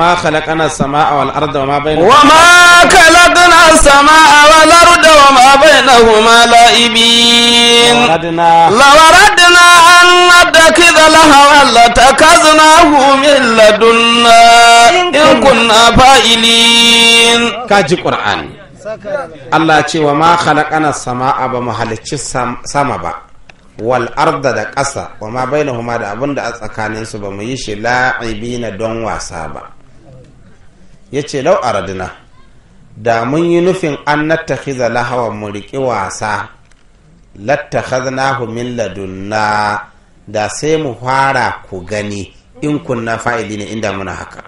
ما خلقنا السماء والأرض وما بينهما وما خلقنا السماء والأرض وما بينهما لائبين لو أردنا أن نتخذ لهوا لاتخذناه من لدنا إن كنا فاعلين كاجي قرآن الله يقول وما خلقنا السماء بما هلتش السماء بقى wal arda da ƙasa wa ma bai da abin da a tsakaninsu ba mu yi shi la'ibina don wasa ba ya ce lau aradina da mun yi nufin an nattakhiza lahawa mu riƙi wasa latta lattakhadnahu min ladunna da sai mu fara ku gani in kunna fa'ili ne inda muna haka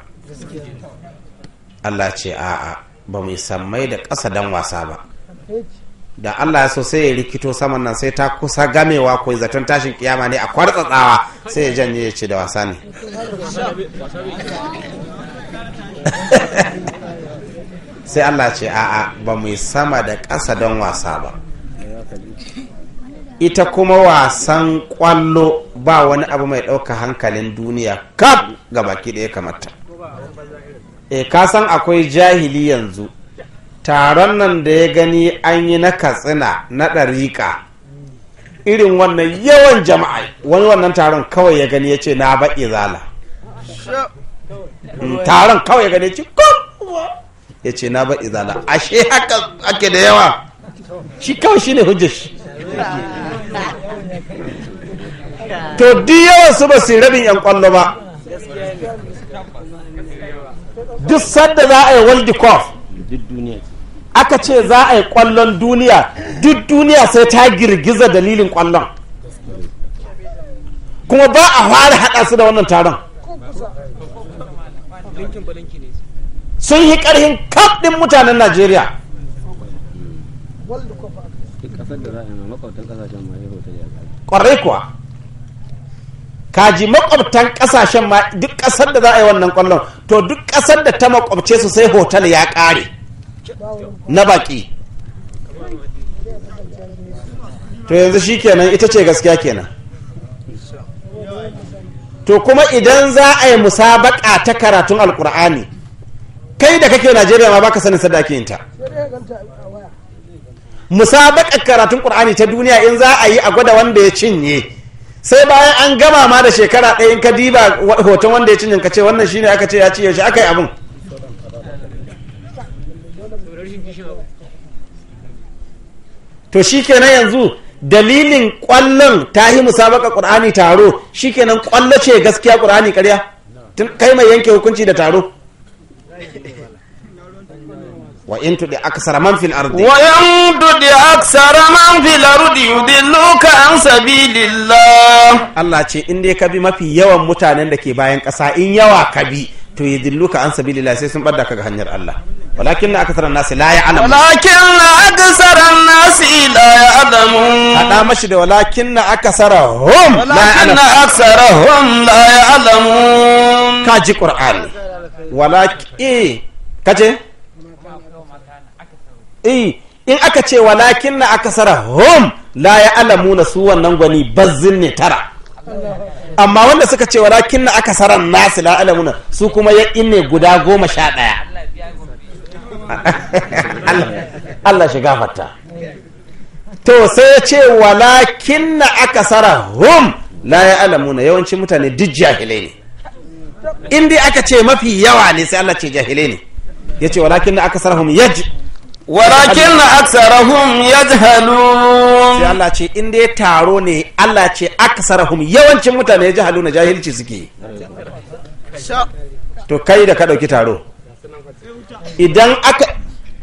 Allah ce a'a ba mu sammai da ƙasa dan wasa ba da Allah ya so sai ya rikito saman nan sai ta kusa gamewa ko zaton tashin kiyama ne a kwartsatsawa sai ya janye ya ce da wasa ne sai allah ce a'a ba mu sama da ƙasa don wasa ba ita kuma wasan kwallo ba wani abu mai ɗauka hankalin duniya kaf ga baki ɗaya kamata e eh, ka akwai jahili yanzu taron nan da ya gani an yi na katsina na ɗariƙa irin wannan yawan jama'a wani wannan taron kawai ya gani ya ce na baƙi zala taron kawai gane ci ya ce na ba izala ashe haka ake da yawa shi kawai shi hujjar shi to di yawan su ba su rabin yan kwallo ba duk sanda za a yi world cup aka ce za a yi kwallon duniya duk duniya sai ta girgiza dalilin kwallon kuma ba a fara haɗa su da wannan taron sun yi karhin kaf din mutanen najeriya kwarai kuwa kaji makwabtan kasashen ma duk kasar da za a yi wannan kwallon to duk kasar da ta makwabce su sai hotel ya ƙare na baki to yanzu shi kenan ita ce gaskiya kenan to kuma idan za a yi musabaka ta karatun alkur'ani kai da kake najeriya ma baka sanin sadaki ta karatun ƙur'ani ta duniya in za a yi a gwada wanda ya cinye sai bayan an gama ma da shekara ɗaya in ka diba hoton wanda ya cinye ka ce wannan shine aka ce ya ci yaushe aka yi abin to shi kenan yanzu dalilin kwallon ta yi musabaka qur'ani taro shikenan kwallo ce gaskiya qur'ani karya tun kai mai yanke hukunci da taro wa in tudi aksara man fil ardi wa in tudi aksara man fil ardi ka an sabilillah Allah ce in dai ka bi mafi yawan mutanen da ke bayan ƙasa in yawa ka bi to ka an sabilillah sai sun ɓadda ka hanyar Allah walakin اكثر nasi la ya'lamun walakin اكثر nasi la يعلمون hada mashi da walakin لا يعلمون ya'lamun aksarahum la ya'lamun kaji qur'ani walakin كاجي eh in aka ce walakin na la wannan gwani bazzin ne tara amma wanda suka ce walakin na akasaran nasi la alamuna su kuma ya ne guda goma sha ɗaya Allah shi gafarta to sai ya ce walakin na aka sara hum la ya na yawancin mutane duk jahilai ne in dai aka ce mafi yawa ne sai Allah ce jahilai ne ya ce walakin na aka sara hum ji. walakin na aka sara hum ya halu. sai Allah ce in dai taro ne Allah ce aka sara hum yawancin mutane ya halu na jahilci suke to kai da ka ɗauki taro idan aka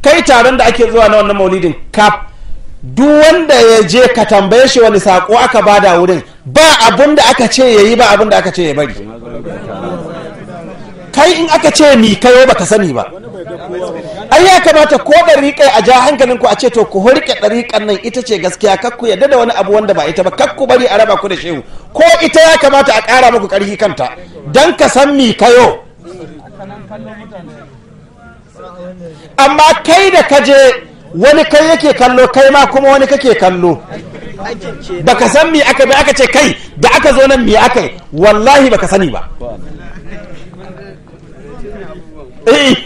kai taron da ake zuwa na wannan maulidin kaf duk wanda ya je ka tambaye shi wani sako aka bada wurin ba abun da aka ce ya yi ba abun da aka ce ya bari kai in aka ce mi kayo ka sani ba ai ya kamata ko kai a ja hankalin ku a ce to ku hurke ɗariƙan nan ita ce gaskiya kakku yadda da wani abu wanda ba ita ba kakku bari a raba ku da shehu ko ita ya kamata a ƙara muku ƙarfi kanta dan ka san mi kayo amma kai da ka je wani kai yake kallo kai ma kuma wani kake kallo baka san mi aka bi aka ce kai da aka zo nan mi aka wallahi baka sani ba eh.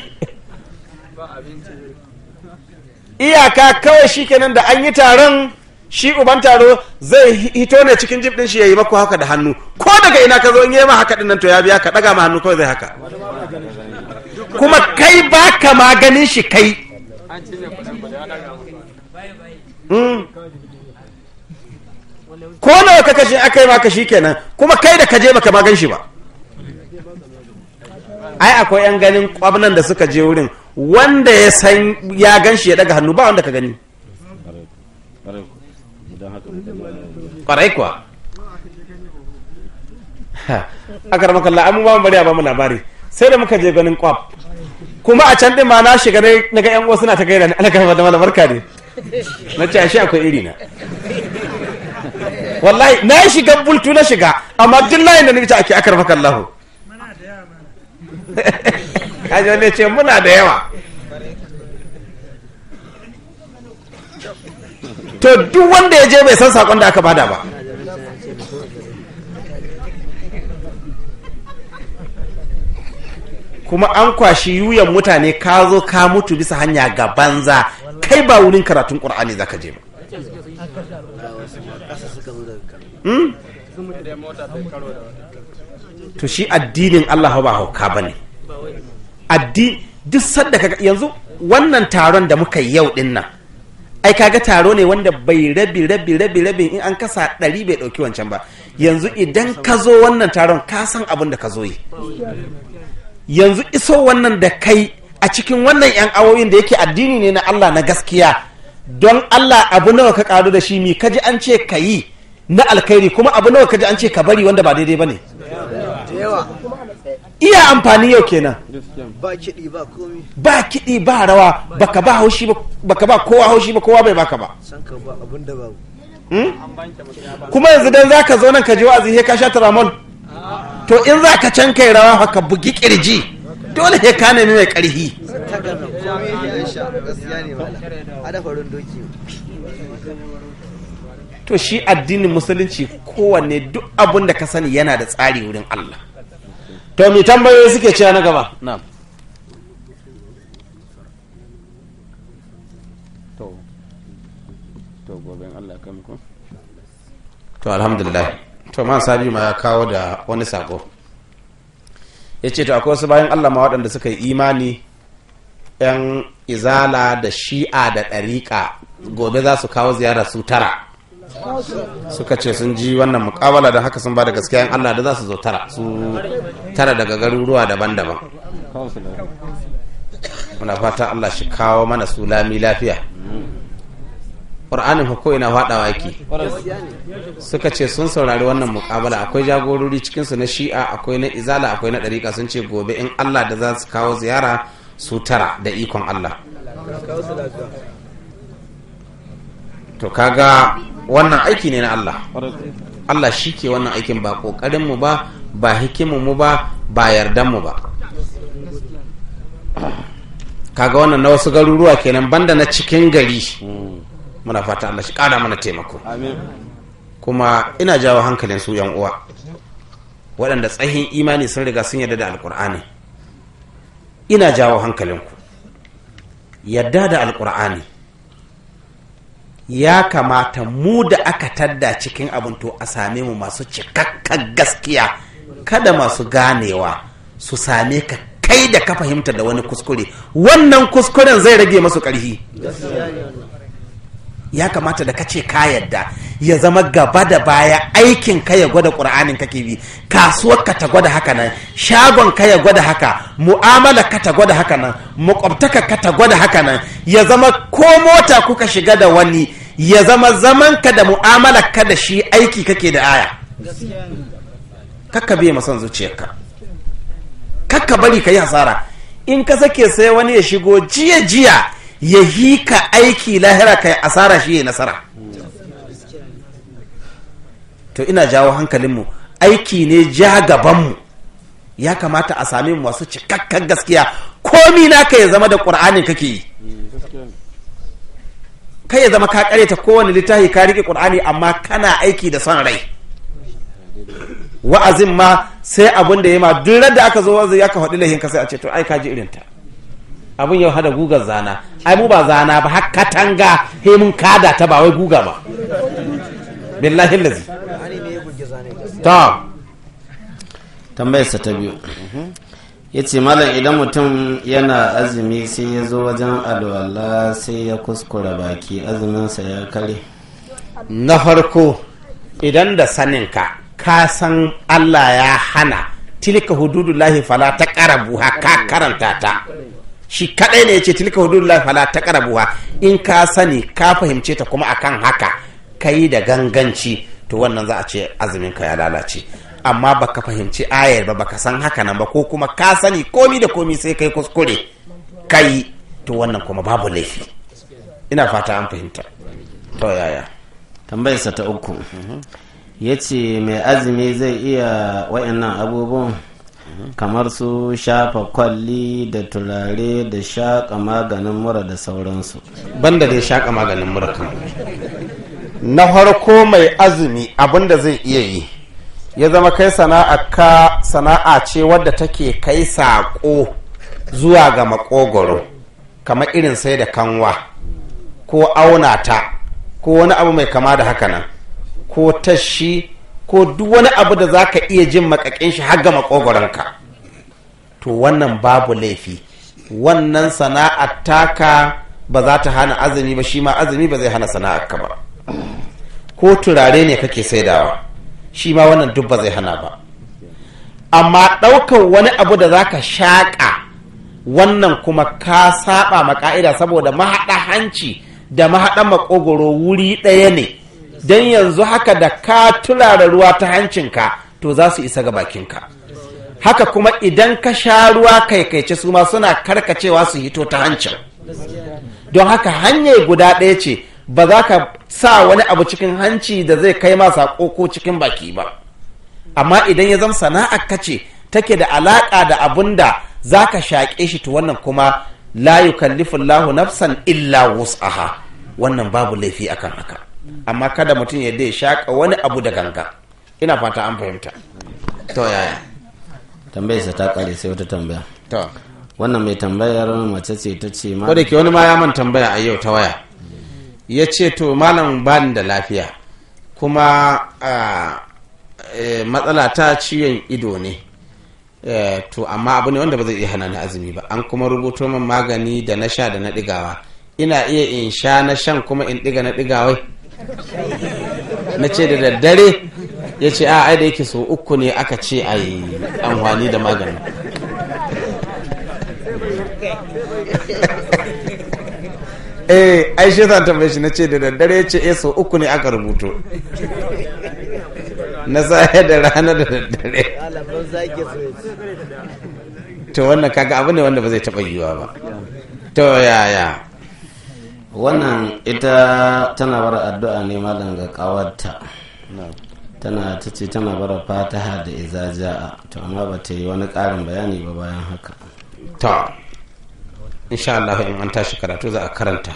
iyaka kawai shi kenan da an yi taron shi uban taro zai hito ne cikin jib din shi yi maku haka da hannu ko daga ina ka zo in yi ma haka dinnan to ya biya ka daga ma hannu kawai zai haka kuma kai ba ka maganin shi kai hmm. ko nawa ka kashe aka yi maka shi kenan kuma kai da ka je ka magan shi ba ai akwai yan ganin kwabnan da suka je wurin wanda ya san ya gan shi ya daga hannu ba wanda ka gani kwarai kuwa a karmakalla an ba mu bari a ba mu labari sai da muka je ganin kwab kuma a can din ma na shiga na ga yan uwa suna ta gaira ni ana karfa da mala barka ne na ce ashe akwai iri na wallahi na shiga bultu na shiga amma duk layin da nake ake akar maka Allah kaji wani ce muna da yawa to duk wanda ya je bai san sakon da aka bada ba kuma an kwashi yuyan mutane ka zo ka mutu bisa hanya ga banza kai ba wurin karatun za ka je ba hmm? to shi addinin Allah ba hauka bane addini duk sadda kaga yanzu wannan taron da muka yi yau din nan ai kaga taro ne wanda bai rabi rabi rabi rabi in an kasa ɗari bai ɗauki wancan ba yanzu idan ka zo wannan taron ka san abin da ka zo yi yanzu iso wannan da kai a cikin wannan 'yan awoyin da yake addini ne na Allah na gaskiya don Allah abu nawa ka karu da shi mi kaji an ce ka yi na alkhairi kuma abu nawa kaji an ce ka bari wanda ba daidai ba ne iya amfani yau kenan ba kiɗi ba rawa baka ba haushi baka ba kowa haushi ba kowa bai baka ba hmm? kuma yanzu dan zaka zo nan ka je wa'azi ka sha taramol to in za ka can kai rawa haka bugi kirji dole sai ka nemi mai karhi to shi addinin musulunci kowanne duk abin da ka sani yana da tsari wurin Allah to mai tambayoyi suke cewa na gaba na'am to to gobe Allah kamkun to alhamdulillah to man sabi ma ya kawo da wani sako ya ce to akwai wasu bayan allah ma waɗanda suka yi imani yan izala da shi'a da ɗariƙa gobe za su kawo ziyara su tara suka ce sun ji wannan mukabala don haka sun ba da gaskiya yan allah da za su zo tara su tara daga garuruwa daban-daban muna fata allah shi kawo mana su lami lafiya ƙur'anin fa ko ina faɗawa yake suka ce sun saurari wannan muƙabala akwai jagorori cikinsu na shi'a akwai na izala akwai na ɗariƙa sun ce gobe in allah da za su kawo ziyara su tara da ikon allah to kaga wannan aiki ne na allah allah shi ke wannan aikin ba ƙoƙarinmu ba ba hikiminmu ba ba yardanmu ba kaga wannan na wasu garuruwa kenan banda na cikin gari muna fata Allah shi kara mana taimako kuma ina jawo hankalin su yan uwa waɗanda tsahin imani sun riga sun yarda da alkur'ani ina jawo hankalinku yarda da alkur'ani ya kamata mu da aka tadda cikin abin to a same mu masu cikakken gaskiya kada masu ganewa su same ka kai da ka fahimta da wani kuskure wannan kuskuren zai rage masu ƙarfi ya kamata da kace ka yadda ya zama gaba da baya aikin ka ya gwada qur'anin kake bi kasuwar ka ta gwada haka nan shagon ka ya gwada haka mu'amala ka ta gwada haka nan makwabtaka ka ta gwada haka nan ya zama ko mota kuka shiga da wani ya zama zaman ka da mu'amala ka da shi aiki kake da aya kakka bai masan zuciyarka kakka bari ka yi hasara in ka sake sai wani ya shigo jiya jiya ya yi ka aiki lahira ka asara shi ya nasara to ina jawo hankalinmu aiki ne ja gabanmu ya kamata a sami masu cikakken gaskiya komi ka ya zama da ƙur'anin kake yi kai ya zama ka ta kowane littafi ka rike ƙur'ani amma kana aiki da son rai wa'azin ma sai abin da ya ma duk da aka zo wanzu ya ka faɗi lahinka sai a ce to ai ka ji irinta abin yau hada gugar zana ai mu ba zana ba har katanga he mun kada ta ba wai guga ba billahi lazi ta tambayarsa ta biyu ya ce malam idan mutum yana azumi sai ya zo wajen alwala sai ya kuskura baki sa ya kare na farko idan da saninka ka san allah ya hana tilka hududullahi fala ta karabu ha ka karanta ta shi kadai ne ce tilka hududullah fala karabuwa in ka sani ka fahimce ta kuma akan haka kai da ganganci to wannan za a ce azumin ka ya lalace amma baka fahimci ayar ba baka san haka nan ba ko kuma ka sani komi da komi sai kai kuskure kai to wannan kuma babu laifi ina fata an fahimta to yaya tambayarsa ta uku ya ce mai azumi zai iya wayannan abubuwan kamar su shafa kwalli da turare da shaƙa maganin mura da sauransu banda dai shaƙa maganin mura kan na farko mai azumi abinda zai iya yi ya zama kai sana'a ka sana'a ce wadda take kai saƙo zuwa ga makogoro kamar irin sai da kanwa ko auna ta ko wani abu mai kama da haka nan ko tashi ko duk wani abu da za ka iya jin makakin shi har gama makogoranka to wannan babu laifi wannan sana'a taka ba za ta hana azumi ba shi ma azumi ba zai hana sana'ar ka ba ko turare ne kake saidawa shi ma wannan duk ba zai hana ba amma ɗaukar wani abu da za ka shaƙa wannan kuma ka saba ma ƙa'ida saboda mahaɗa hanci da mahaɗa makogoro wuri ɗaya ne don yanzu haka da ka turara ruwa ta hancinka to za su isa ga bakinka haka kuma idan ka sha ruwa kaikaice su ma suna karkacewa su hito ta hancin don haka hanyar guda ɗaya ce ba za ka sa wani abu cikin hanci da zai kai ma saƙo cikin baki ba amma idan ya zama sana'a ka ce take da alaƙa da abun da za ka shaƙe shi to wannan kuma la yukallifu nafsan illa wus'aha wannan babu laifi akan haka amma kada mutum ya dai shaƙa wani abu da ganga ina fata an fahimta to yaya tambayar sa ta kare sai wata tambaya to wannan mai tambayar mace ce ta ce ma da wani ma ya man tambaya a yau ta waya ya ce to malam bani da lafiya kuma e, matsala ta ciwon ido ne e, to amma abu ne wanda ba zai iya hana ni azumi ba an kuma rubuto min magani da na sha da na ɗigawa ina iya in sha na shan kuma in ɗiga na ɗigawai na ce da daddare ya ce a da yake so uku ne aka ce a yi amfani da maganin eh ai shi zan tambaye shi na ce da daddare ya ce eh, so uku ne aka rubuto na zaya da rana da daddare to wannan kaga abu ne wanda ba zai taɓa yiwa ba to yaya wannan ita tana bara addu'a ne malam ga kawarta tana ta ce tana bara fataha da izaja'a to amma ba ta yi wani karin bayani ba bayan haka ta insha Allah in an tashi karatu za a karanta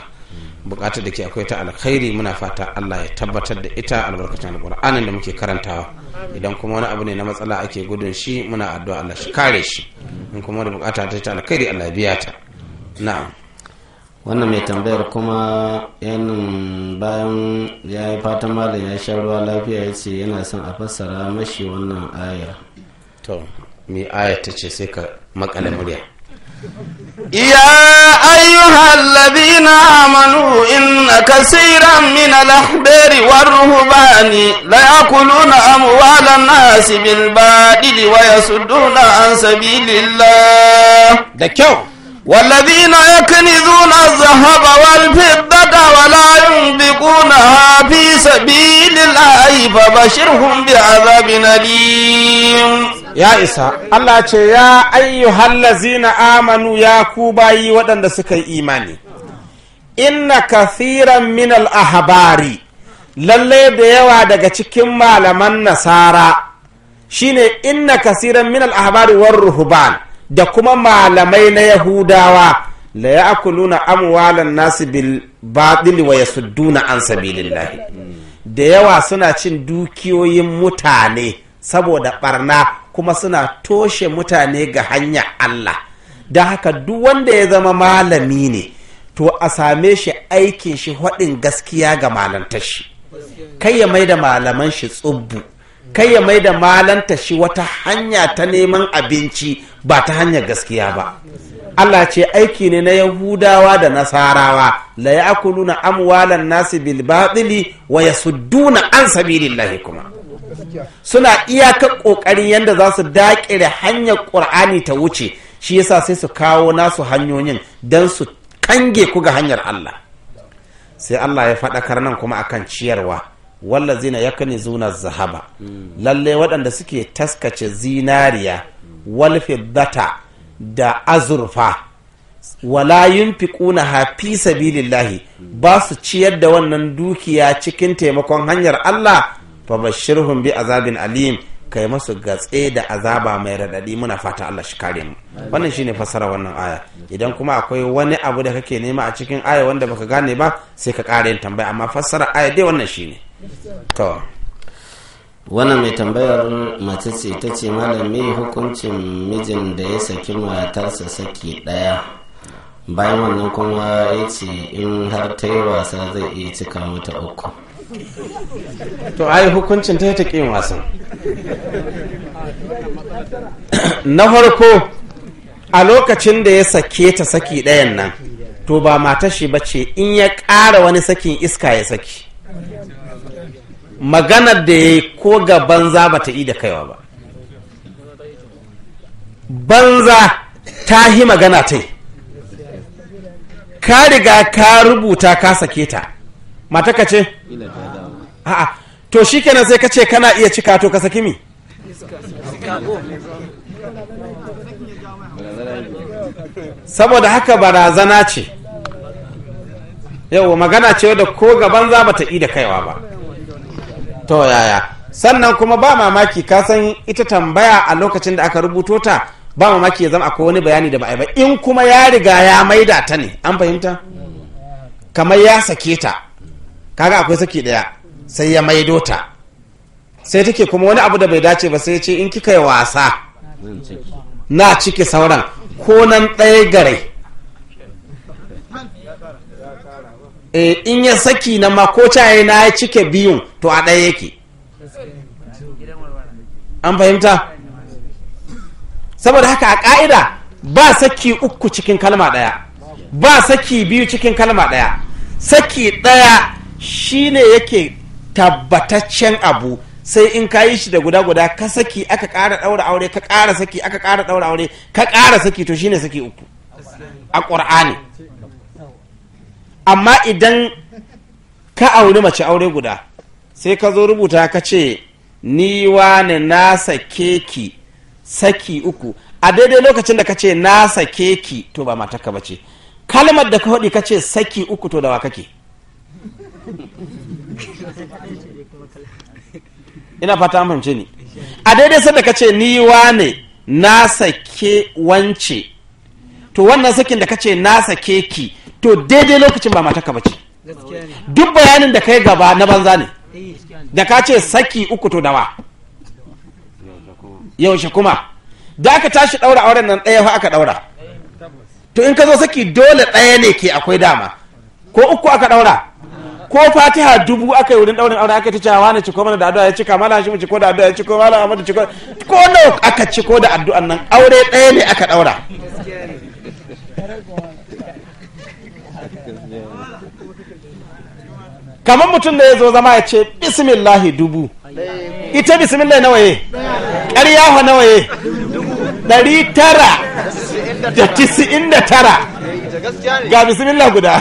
bukatar da ke akwai ta alkhairi muna fata Allah ya tabbatar da ita albarkacin alƙur'anin da muke karantawa idan kuma wani abu ne na matsala ake gudun shi muna addu'a Allah shi kare shi in kuma da bukata ta ta alkhairi Allah biya ta na'am wannan mai tambayar kuma yanin bayan ya yi fatan malam ya sha ruwa lafiya ya ce yana son a fassara mashi wannan aya to mai aya ta ce sai ka makala murya يا أيها الذين آمنوا إن كثيرا من الأحبار والرهبان ليأكلون أموال الناس بالباطل ويصدون عن da kyau. والذين يكنزون الذهب والفضة ولا ينفقونها في سبيل الله فبشرهم بعذاب أليم ya isa Allah ce ya ayyuhal lazina amanu ya ku bayi waɗanda suka yi imani inna kasiran min al ahbari lalle da yawa daga cikin malaman nasara shine inna kathiran min al ahbari war ruhban da kuma malamai na yahudawa la ya'kuluna amwalan nasi bil batil wa yasudduna an lahi, da yawa suna cin dukiyoyin mutane saboda barna kuma suna toshe mutane ga hanya Allah da haka duk wanda ya zama malami ne to a same shi aikin shi haɗin gaskiya ga malantar shi kai ya mai da malaman shi tsubbu kai ya mai da malanta shi wata hanya ta neman abinci ba ta hanyar gaskiya ba Allah ce aiki ne na Yahudawa da Nasarawa la ya'kuluna amwalan nasi bil batili wa yasudduna an sabilillahi kuma suna iyaka kokarin yanda za su dakire hanyar Qur'ani ta wuce shi yasa sai su kawo nasu hanyoyin dan su kange ku ga hanyar Allah sai Allah ya faɗakar nan kuma akan ciyarwa zina wallazina zuna zahaba lalle waɗanda suke taskace zinariya wal fiddata da azurfa wala yunfiquna ha fi sabilillahi ba su ciyar da wannan dukiya cikin taimakon hanyar Allah fa bashirhum bi azabin alim kai masu gatse da azaba mai raɗaɗi muna fata Allah shi kare mu wannan shine fasara wannan aya idan kuma akwai wani abu da kake nema a cikin aya wanda baka gane ba sai ka yin tambaya amma fassara aya dai wannan shine to wannan mai tambayar mace ce ta ce malami hukuncin mijin da ya saki matarsa saki daya bayan wannan kuma ya ce in har ta yi wasa zai iya cika mata uku to ai hukuncin ta ta yin wasan na farko a lokacin da ya sake ta saki ɗayan nan to ba matashi ba ce in ya ƙara wani sakin iska ya saki maganar da ya yi ko ga banza ba ta yi da kaiwa ba banza ta yi magana ta yi ka riga ka rubuta ka sake ta mata ka ce? a'a to shi kenan sai ka ce kana iya cika to ka saki mi saboda haka barazana ce yau magana ce da ko gaban za ba ta yi da kaiwa ba to yaya sannan kuma ba mamaki ka san ita tambaya a lokacin da aka rubuto ta ba mamaki ya zama akwai wani bayani da ba a ba in kuma ya riga ya maida ta ne an fahimta kamar ya sake ta kaga akwai saki daya sai ya maido ta sai take kuma wani abu da bai dace ba sai ce in kika yi wasa na ciki sauran ko nan ɗaya gare e, in ya saki na ma ko na ya cike biyun to a ɗaya yake an fahimta saboda haka a ƙa'ida ba saki uku cikin kalma ɗaya ba saki biyu cikin kalma ɗaya saki ɗaya shine yake tabbataccen abu sai in ka yi shi da guda guda ka saki aka ƙara ɗaura aure ka ƙara saki aka ƙara ɗaura aure ka ƙara saki to shine saki uku a ƙur'ani amma idan ka auri mace aure guda sai ka zo rubuta ka ce ni wane na sake ki saki uku a daidai lokacin da ka ce na sake ki to ba mataka ba ce kalmar da ka haɗi ka ce saki uku to da wa kake ina fata fahimce ni a daidai sanda ka ce ni wane na sake wance to wannan sakin da ka ce na sake ki to daidai lokacin ba matarka bace duk bayanin da kai gaba na banza ne da ka ce saki uku to dawa yaushe kuma da aka tashi daura auren nan ɗaya aka daura to in ka zo saki dole ɗaya ne ke akwai dama ko uku aka daura ko fatiha dubu aka yi wurin daurin aure aka ta cewa wani ciko mana da addu'a ya cika mala hashim ciko da addu'a ya ciko mala amadu ciko ko nawa aka ciko da addu'an nan aure ɗaya ne aka daura kamar mutum da ya zo zama ya ce bismillahi dubu ita bismillah nawa ye ƙarya nawa ye ɗari tara da tisi'in da tara ga bismillah guda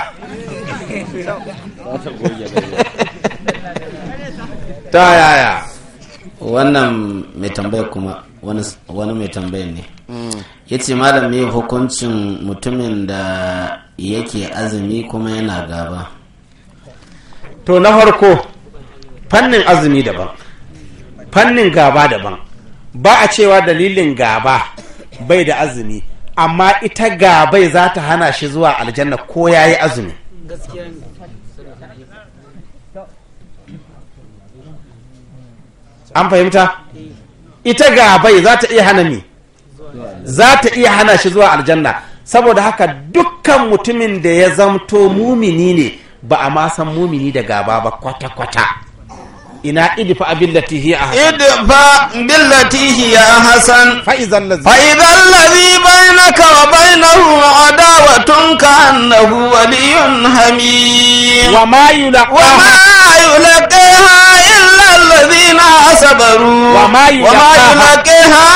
ta yaya wannan mai tambaya kuma wani mai tambaya ne ya ce malam hukuncin mutumin da yake azumi kuma yana gaba to na farko fannin azumi daban fannin gaba daban ba a cewa dalilin gaba bai da azumi amma ita gabai za ta hana shi zuwa aljanna ko ya yi azumi an fahimta ita gabai za ta iya hana ni za ta iya hana shi zuwa aljanna saboda haka dukkan mutumin da ya zamto mumini ne ba a ma san mumini da gaba ba kwata-kwata ina idfa billati hiya ahsan idfa billati hiya hasan fa idhal ladhi fa idhal ladhi bainaka wa bainahu adawatun ka annahu waliyun hamim wa ma yi wa ma yulaqaha illa alladhina sabaru wa ma yulaqaha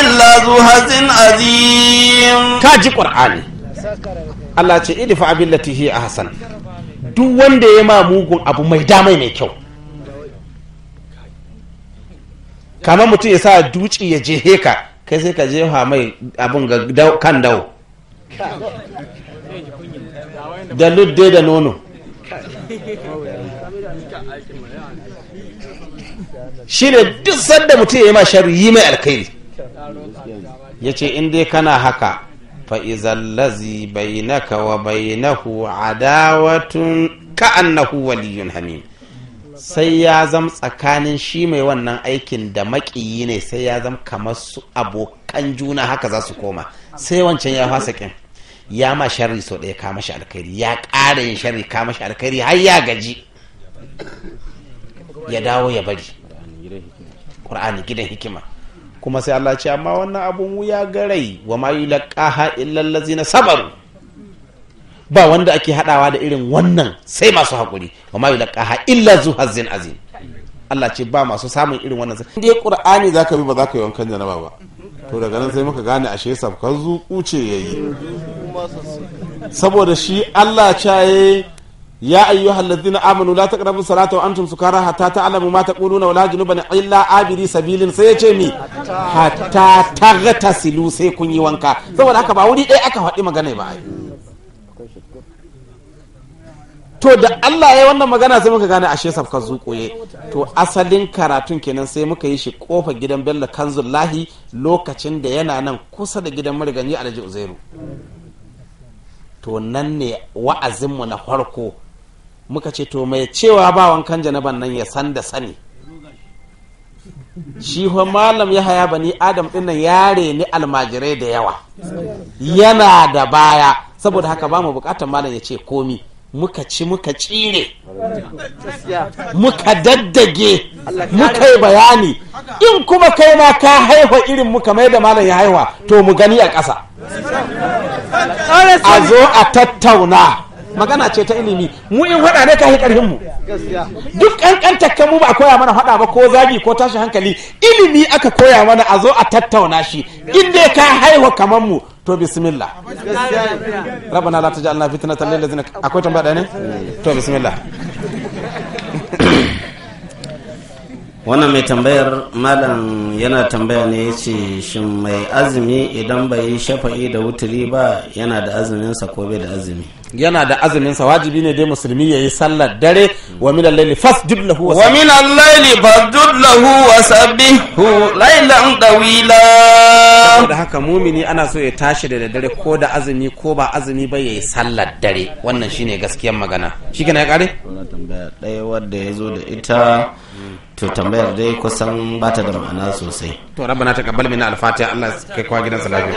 illa dhu hazin azim ji qur'ani Allah ce idfa billati hiya hasan duk wanda ya ma mugun abu mai damai mai kyau kamar mutum ya sa duci ya je heka kai sai ka jefa mai abin ga kan dawo da ludde da nono shi ne duk sanda mutum ya yi ma sharri yi mai alkhairi ya ce in dai kana haka فإذا الذي بينك وبينه عداوة كأنه ولي حميم sai ya zama tsakanin shi mai wannan aikin da maƙiyi ne sai ya zama kamar su abokan juna haka za su koma sai wancan ya fasa kin ya ma sharri sau ɗaya kama shi alkhairi ya ƙara yin sharri kama shi alkhairi har ya gaji ya dawo ya bari ƙur'ani gidan hikima kuma sai Allah ce amma wannan abun wuya garai wa ma yulqaha illa na sabaru ba wanda ake haɗawa da irin wannan sai masu haƙuri wa ma yulqaha illa zu hazin azin Allah ce ba masu samun irin wannan sai ƙur'ani za ka bi ba za ka yi wankan jana ba to daga nan sai muka gane ashe sabkan ce ya yi saboda shi Allah ce. ya ayyuhal الذين amanu لا تقربوا salata wa سكارى حتى تعلموا ما تقولون ولا wa la عابري illa abiri sabilin sai yace mi hatta taghtasilu sai kun yi wanka saboda haka ba wuri aka fadi magana ba to da Allah ya wannan magana sai muka gane ashe safka zuƙoye to asalin karatun kenan sai muka yi shi kofa gidan Bello Kanzullahi lokacin da yana nan kusa da gidan marigani Alhaji Uzairu to nan ne wa'azinmu na farko muka ce to mai cewa ba wankan janaban nan ya san da sani shi malam ya haya bani adam nan yare ni almajirai da yawa yana da baya saboda haka ba mu bukatar malam ya ce komi muka ci muka cire muka daddage muka yi bayani in kuma kai ma ka haihu irin muka mai da malam ya haihuwa to mu gani a ƙasa a zo a tattauna magana ce ta ilimi mu in faɗa ne yi karfin mu duk kankantar kan mu ba koya mana faɗa ba ko zagi ko tashi hankali ilimi aka koya mana a zo a tattauna shi in dai ka haihu kamar mu to bismillah rabbana la tajalna fitnatan lil ladzina akwai tambaya ne mm. to bismillah wannan mai tambayar malam yana tambaya ne ya ce shin mai azumi idan bai yi shafa'i da wuturi ba yana da azumin sa ko bai da azumi yana da azumin sa wajibi ne dai musulmi yayi sallar dare wa min al-layli fasjud lahu wa min al-layli fasjud lahu wa sabbihu laylan tawila saboda haka mumini ana so ya tashi da dare ko da azumi ko ba azumi ba yayi sallar dare wannan shine gaskiyar magana shi kana ya kare tambaya ɗaya wadda ya zo da ita to tambayar dai kusan ba ta da ma'ana sosai to rabbana taqabbal minna al-fatiha Allah kai kwa gidan salafi